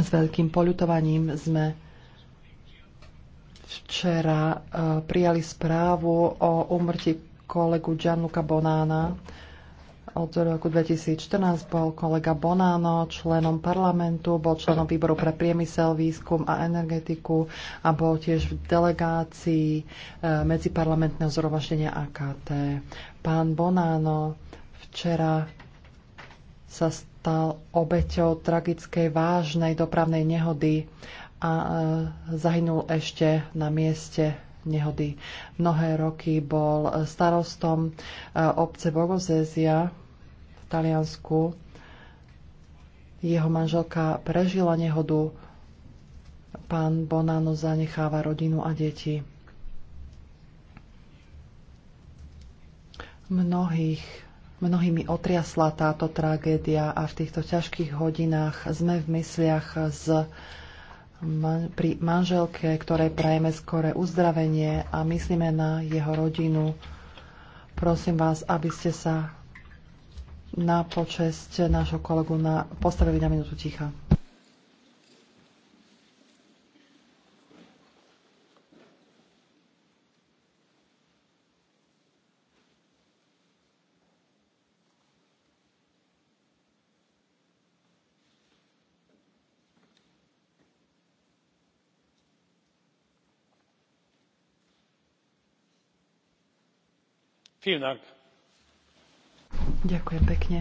S veľkým poľutovaním sme včera e, prijali správu o úmrti kolegu Gianluca Bonána. Od roku 2014 bol kolega Bonáno členom parlamentu, bol členom výboru pre priemysel, výskum a energetiku a bol tiež v delegácii e, medziparlamentného zhromaždenia AKT. Pán Bonáno včera sa stal obeťou tragickej vážnej dopravnej nehody a e, zahynul ešte na mieste nehody. Mnohé roky bol starostom e, obce Bogozézia v Taliansku. Jeho manželka prežila nehodu. Pán Bonano zanecháva rodinu a deti. Mnohých Mnohými otriasla táto tragédia a v týchto ťažkých hodinách sme v mysliach z, man, pri manželke, ktoré prajeme skore uzdravenie a myslíme na jeho rodinu. Prosím vás, aby ste sa na počesť nášho kolegu na, postavili na minútu ticha. ďakujem pekne.